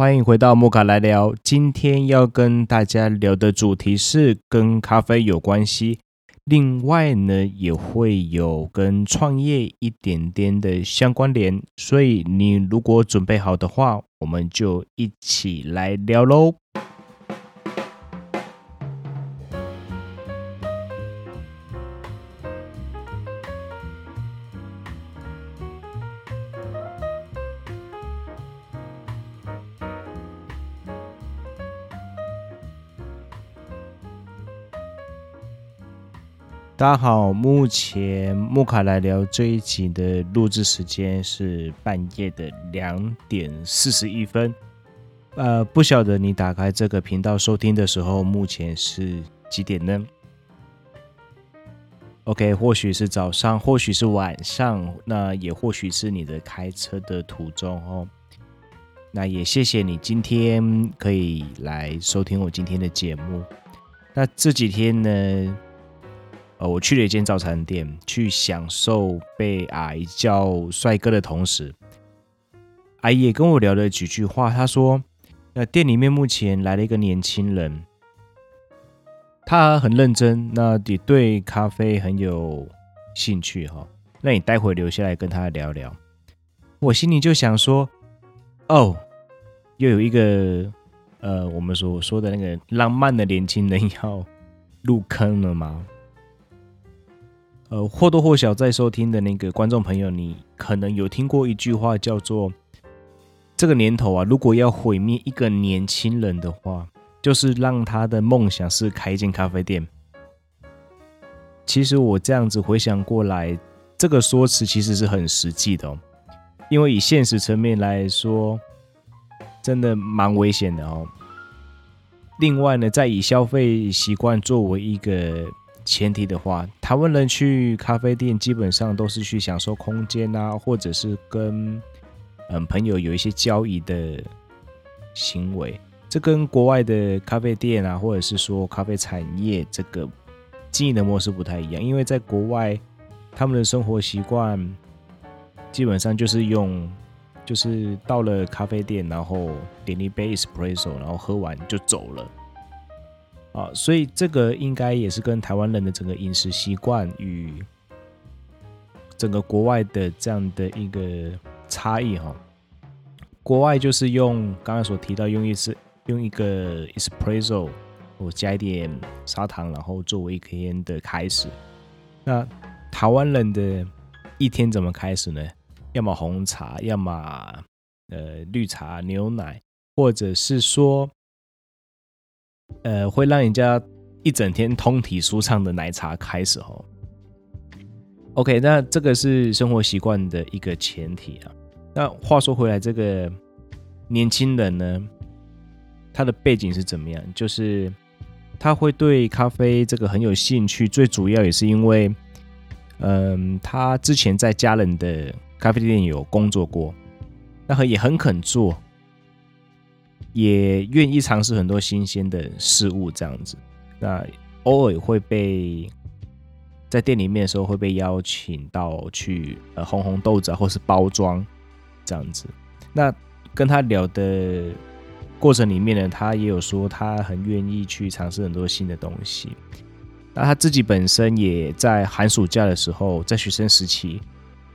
歡迎回到摩卡來聊，今天要跟大家聊的主題是跟咖啡有關係，另外呢也會有跟創業一點點的相關聯，所以你如果準備好的話，我們就一起來聊嘍。大家好，目前木卡來聊這一集的錄製時間是半夜的兩點四十一分，呃，不曉得你打開這個頻道收聽的時候，目前是幾點呢？OK，或許是早上，或許是晚上，那也或許是你的開車的途中哦。那也謝謝你今天可以來收聽我今天的節目。那這幾天呢？呃，我去了一間早餐店，去享受被阿姨叫帥哥的同時，阿姨也跟我聊了幾句話。她說，那店裡面目前來了一個年輕人，他很認真，那也對咖啡很有興趣哈。那你待會留下來跟他聊聊。我心裡就想說，哦，又有一個呃，我們所說的那個浪漫的年輕人要入坑了嗎？呃，或多或少在收聽的那個觀眾朋友，你可能有聽過一句話，叫做“這個年頭啊，如果要毀滅一個年輕人的話，就是讓他的夢想是開一間咖啡店。”其實我這樣子回想過來，這個說辭其實是很實際的哦，因為以現實層面來說，真的蠻危險的哦。另外呢，再以消費習慣作為一個。前提的話，台灣人去咖啡店基本上都是去享受空間啊，或者是跟嗯朋友有一些交易的行為。這跟國外的咖啡店啊，或者是說咖啡產業這個經營的模式不太一樣，因為在國外，他們的生活習慣基本上就是用，就是到了咖啡店，然後點一杯 Espresso，然後喝完就走了。啊、哦，所以這個應該也是跟台灣人的整個飲食習慣與整個國外的這樣的一個差異哈。國外就是用剛剛所提到，用一次用一個 espresso，我加一點砂糖，然後作為一天的開始。那台灣人的一天怎麼開始呢？要麼紅茶，要麼呃綠茶、牛奶，或者是說。呃，會讓人家一整天通體舒暢的奶茶開始哦。OK，那這個是生活習慣的一個前提啊。那話說回來，這個年輕人呢，他的背景是怎麼樣？就是他會對咖啡這個很有興趣，最主要也是因為，嗯、呃，他之前在家人的咖啡店有工作過，然後也很肯做。也願意嘗試很多新鮮的事物，這樣子。那偶爾會被在店裡面的時候會被邀請到去呃烘紅豆子或是包裝這樣子。那跟他聊的過程裡面呢，他也有說他很願意去嘗試很多新的東西。那他自己本身也在寒暑假的時候，在學生時期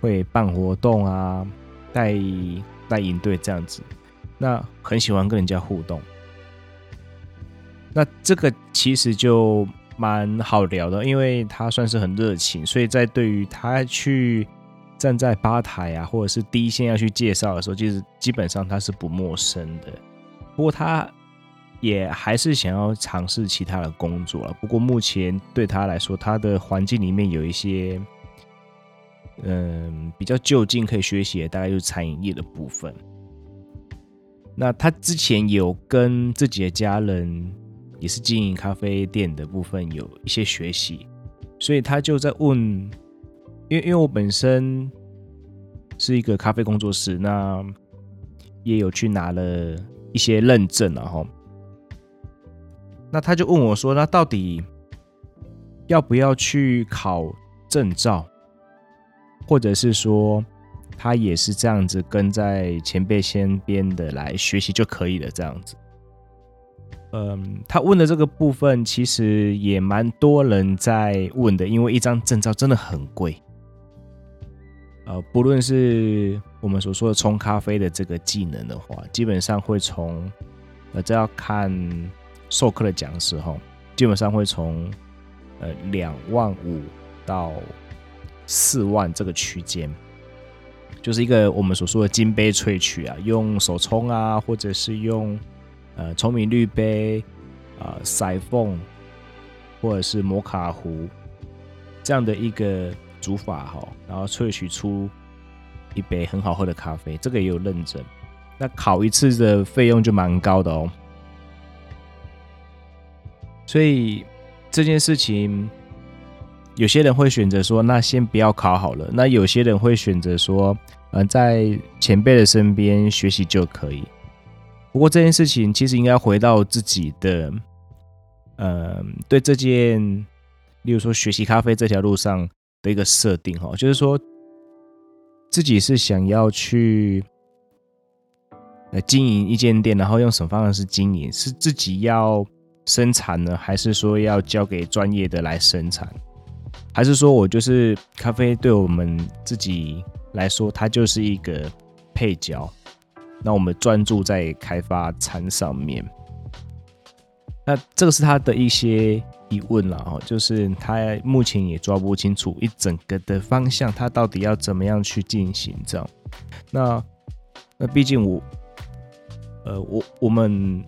會辦活動啊，帶帶營隊這樣子。那很喜歡跟人家互動，那這個其實就蠻好聊的，因為他算是很熱情，所以在對於他去站在吧台啊，或者是第一線要去介紹的時候，其實基本上他是不陌生的。不過他也還是想要嘗試其他的工作了，不過目前對他來說，他的環境裡面有一些，嗯，比較就近可以學習的，大概就是餐飲業的部分。那他之前有跟自己的家人，也是經營咖啡店的部分有一些學習，所以他就在問，因為因為我本身是一個咖啡工作室，那也有去拿了一些認證了哈。那他就問我說，那到底要不要去考證照，或者是說？他也是這樣子跟在前輩身邊的來學習就可以了，這樣子。嗯，他問的這個部分其實也蠻多人在問的，因為一張證照真的很貴。呃，不論是我們所說的沖咖啡的這個技能的話，基本上會從，呃，這要看授課的講師哈，基本上會從呃兩萬五到四萬這個區間。就是一個我們所說的金杯萃取啊，用手沖啊，或者是用呃聰明濾杯啊、賽、呃、風或者是摩卡壺這樣的一個煮法哈、哦，然後萃取出一杯很好喝的咖啡，這個也有認證。那考一次的費用就蠻高的哦，所以這件事情。有些人會選擇說：“那先不要考好了。”那有些人會選擇說：“嗯、呃，在前輩的身邊學習就可以。”不過這件事情其實應該回到自己的，嗯、呃、對這件，例如說學習咖啡這條路上的一個設定哈、哦，就是說自己是想要去、呃、經營一間店，然後用什麼方式經營？是自己要生產呢，還是說要交給專業的來生產？還是說，我就是咖啡，對我們自己來說，它就是一個配角。那我們專注在開發餐上面。那這個是他的一些疑問啦哦，就是他目前也抓不清楚一整個的方向，他到底要怎麼樣去進行這樣。那那畢竟我，呃，我我們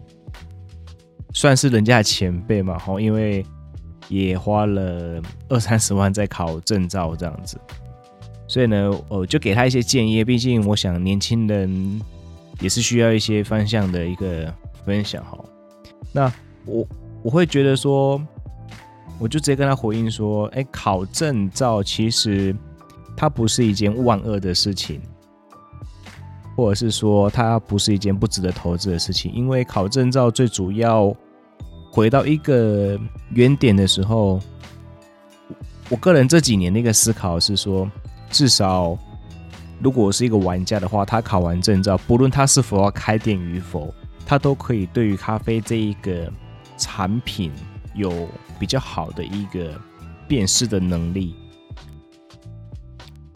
算是人家的前輩嘛，吼，因為。也花了二三十萬在考證照這樣子，所以呢，我就給他一些建議。畢竟我想年輕人也是需要一些方向的一個分享。那我我會覺得說，我就直接跟他回應說：“欸，考證照其實它不是一件萬惡的事情，或者是說它不是一件不值得投資的事情，因為考證照最主要。”回到一個原點的時候，我個人這幾年的一個思考是說，至少如果我是一個玩家的話，他考完證照，不論他是否要開店與否，他都可以對於咖啡這一個產品有比較好的一個辨識的能力。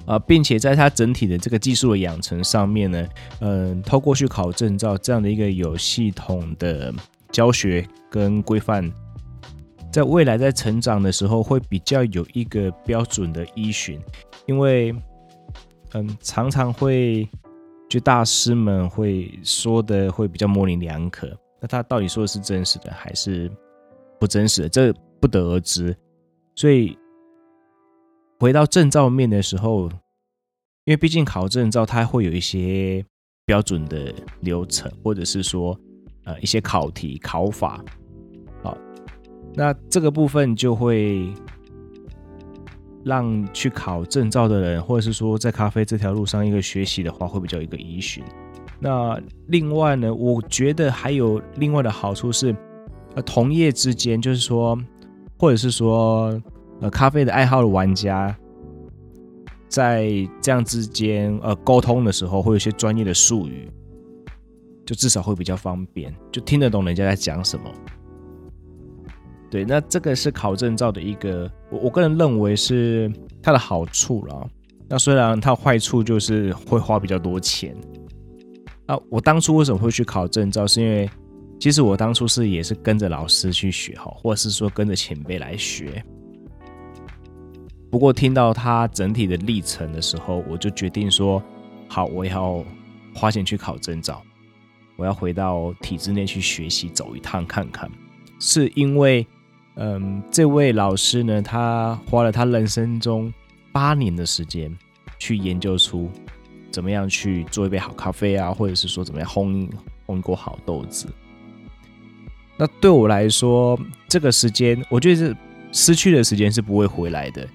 啊、呃，並且在他整體的這個技術的養成上面呢，嗯，透過去考證照這樣的一個有系統的。教學跟規範，在未來在成長的時候，會比較有一個標準的依循。因為，嗯，常常會就大師們會說的會比較模稜兩可，那他到底說的是真實的還是不真實的，這不得而知。所以，回到證照面的時候，因為畢竟考證照它會有一些標準的流程，或者是說。呃，一些考題、考法，好，那這個部分就會讓去考證照的人，或者是說在咖啡這條路上一個學習的話，會比較有一個依循。那另外呢，我覺得還有另外的好處是，呃，同業之間，就是說，或者是說，呃，咖啡的愛好、的玩家，在這樣之間，呃，溝通的時候，會有一些專業的術語。就至少會比較方便，就聽得懂人家在講什麼。對，那這個是考證照的一個，我我個人認為是它的好處啦。那雖然它壞處就是會花比較多錢。啊，我當初為什麼會去考證照？是因為其實我當初是也是跟着老師去學哈，或者是說跟着前輩來學。不過聽到他整體的歷程的時候，我就決定說，好，我要花錢去考證照。我要回到體制內去學習走一趟看看，是因為，嗯，這位老師呢，他花了他人生中八年的時間去研究出怎麼樣去做一杯好咖啡啊，或者是說怎麼樣烘一烘過好豆子。那對我來說，這個時間我覺得是失去的時間是不會回來的，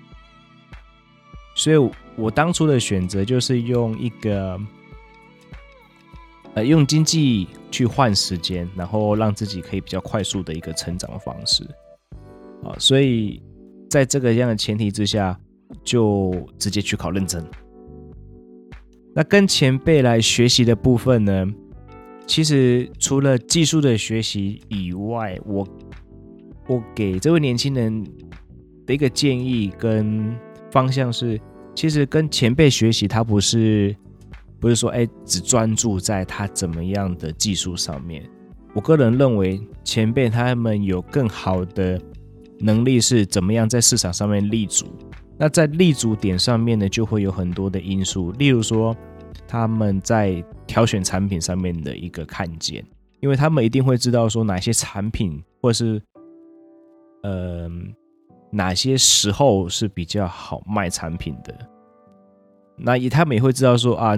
所以我當初的選擇就是用一個。用經濟去換時間，然後讓自己可以比較快速的一個成長的方式啊，所以在這個樣的前提之下，就直接去考認證。那跟前輩來學習的部分呢，其實除了技術的學習以外，我我給這位年輕人的一個建議跟方向是，其實跟前輩學習，他不是。不是說哎、欸，只專注在他怎麼樣的技術上面。我個人認為，前輩他們有更好的能力是怎麼樣在市場上面立足。那在立足點上面呢，就會有很多的因素，例如說他們在挑選產品上面的一個看見，因為他們一定會知道說哪些產品或是嗯、呃、哪些時候是比較好賣產品的。那以他們也會知道說啊。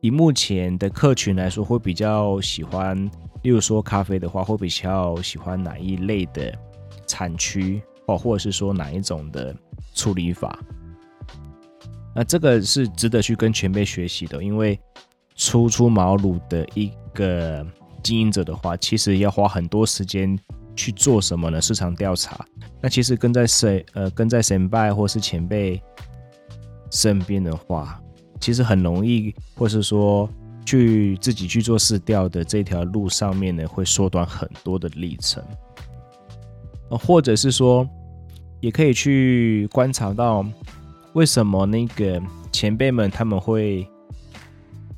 以目前的客群來說，會比較喜歡，例如說咖啡的話，會比較喜歡哪一類的產區哦，或者是說哪一種的處理法？那這個是值得去跟前輩學習的，因為初出茅廬的一個經營者的話，其實要花很多時間去做什麼呢？市場調查。那其實跟在誰呃，跟在神拜或是前輩身邊的話。其實很容易，或是說去自己去做試調的這條路上面呢，會縮短很多的歷程。呃。或者是說，也可以去觀察到為什麼那個前輩們他們會，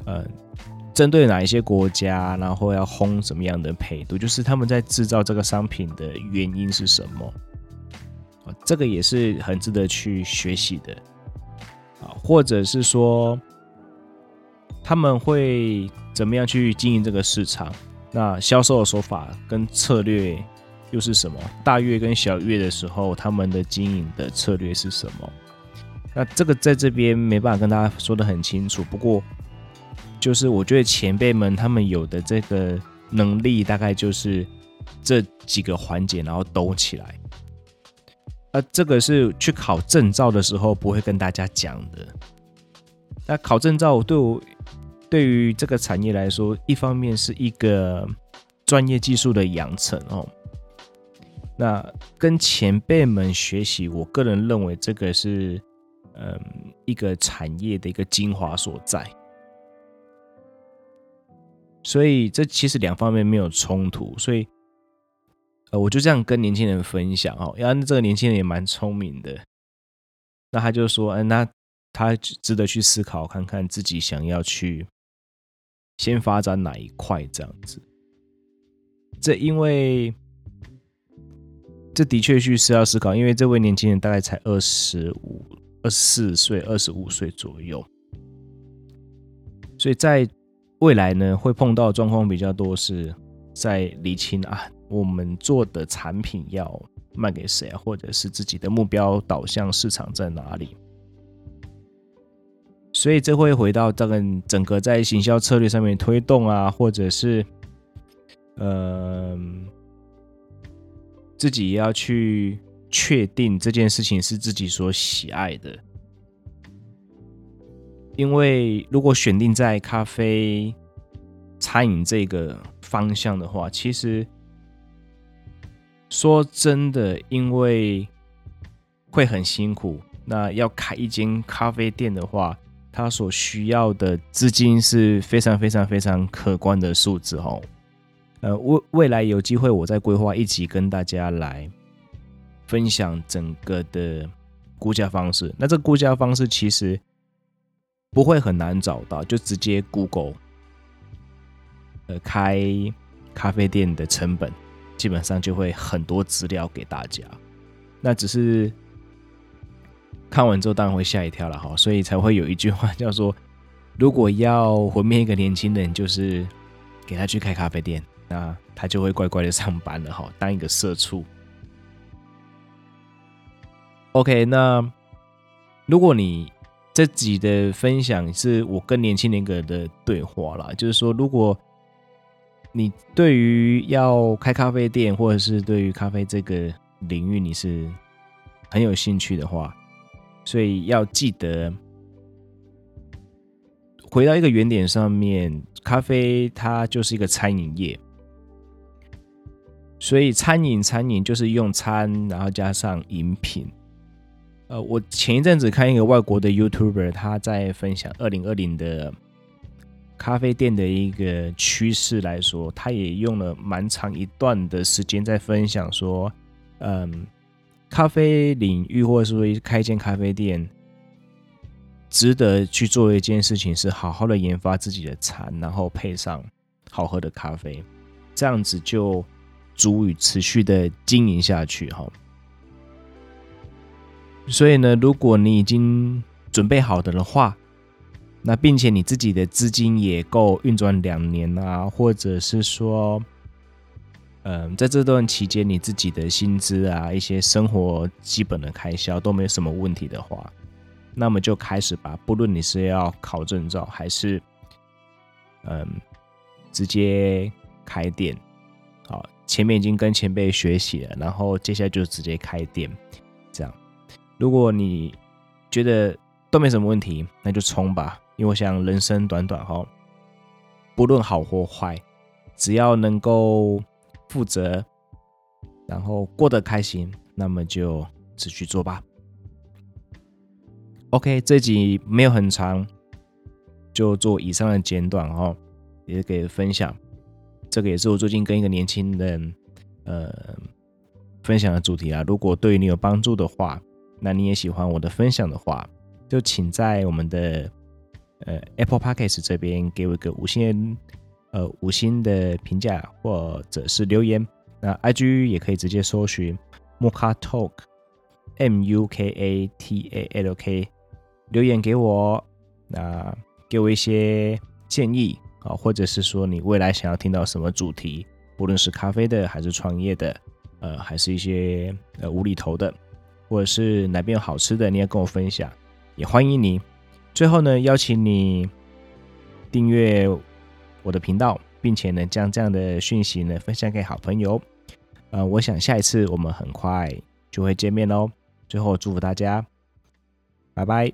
呃，針對哪一些國家，然後要烘什麼樣的焙度，就是他們在製造這個商品的原因是什麼。呃、這個也是很值得去學習的。啊，或者是說他們會怎麼樣去經營這個市場？那銷售的手法跟策略又是什麼？大月跟小月的時候，他們的經營的策略是什麼？那這個在這邊沒辦法跟大家說的很清楚。不過，就是我覺得前輩們他們有的這個能力，大概就是這幾個環節，然後抖起來。呃，這個是去考證照的時候不會跟大家講的。那考證照對我對於這個產業來說，一方面是一個專業技術的養成哦。那跟前輩們學習，我個人認為這個是嗯、呃、一個產業的一個精華所在。所以這其實兩方面沒有衝突，所以。呃，我就這樣跟年輕人分享哦，然後這個年輕人也蠻聰明的，那他就說，嗯，那他值得去思考，看看自己想要去先發展哪一塊這樣子。這因為這的確去是要思考，因為這位年輕人大概才二十五、二十四歲、二十五歲左右，所以在未來呢，會碰到狀況比較多，是在理清啊。我們做的產品要賣給誰，或者是自己的目標導向市場在哪裡？所以這會回，回到這個整個在行銷策略上面推動啊，或者是，呃，自己要去確定這件事情是自己所喜愛的。因為如果選定在咖啡、餐飲這個方向的話，其實。說真的，因為會很辛苦。那要開一間咖啡店的話，它所需要的資金是非常非常非常可觀的數字哦。呃，未未來有機會，我再規劃一集跟大家來分享整個的估價方式。那這個估價方式其實不會很難找到，就直接 Google 呃開咖啡店的成本。基本上就會很多資料給大家，那只是看完之後當然會嚇一跳了哈，所以才會有一句話叫做：如果要毀滅一個年輕人，就是給他去開咖啡店，那他就會乖乖的上班了哈，當一個社畜。OK，那如果你這集的分享是我跟年輕人的對話啦，就是說如果。你對於要開咖啡店，或者是對於咖啡這個領域，你是很有興趣的話，所以要記得回到一個原點上面，咖啡它就是一個餐飲業，所以餐飲餐飲就是用餐，然後加上飲品。呃，我前一陣子看一個外國的 YouTuber，他在分享二零二零的。咖啡店的一個趨勢來說，他也用了蠻長一段的時間在分享說，嗯，咖啡領域或者說開一間咖啡店，值得去做的一件事情是好好的研發自己的餐，然後配上好喝的咖啡，這樣子就足以持續的經營下去哈。所以呢，如果你已經準備好的的話。那並且你自己的資金也夠運轉兩年啊，或者是說，嗯、呃，在這段期間你自己的薪資啊，一些生活基本的開銷都沒什麼問題的話，那麼就開始吧。不論你是要考證照還是，嗯、呃，直接開店。好，前面已經跟前輩學習了，然後接下來就直接開店。這樣，如果你覺得都沒什麼問題，那就衝吧。因為我想人生短短哈，不論好或壞，只要能夠負責，然後過得開心，那麼就持續做吧。OK，這集沒有很長，就做以上的簡短哦，也給分享。這個也是我最近跟一個年輕人呃分享的主題啊。如果對你有幫助的話，那你也喜歡我的分享的話，就請在我們的。呃，Apple Podcast 這邊給我一個五星，呃五星的評價或者是留言。那 IG 也可以直接搜尋 Muka Talk，M U K A T A L K，留言給我，那給我一些建議啊，或者是說你未來想要聽到什麼主題，不論是咖啡的還是創業的，呃，還是一些呃無厘頭的，或者是哪邊有好吃的，你也跟我分享，也歡迎你。最後呢，邀請你訂閱我的頻道，並且呢，將這樣的訊息呢分享給好朋友。呃，我想下一次我們很快就會見面哦。最後祝福大家，拜拜。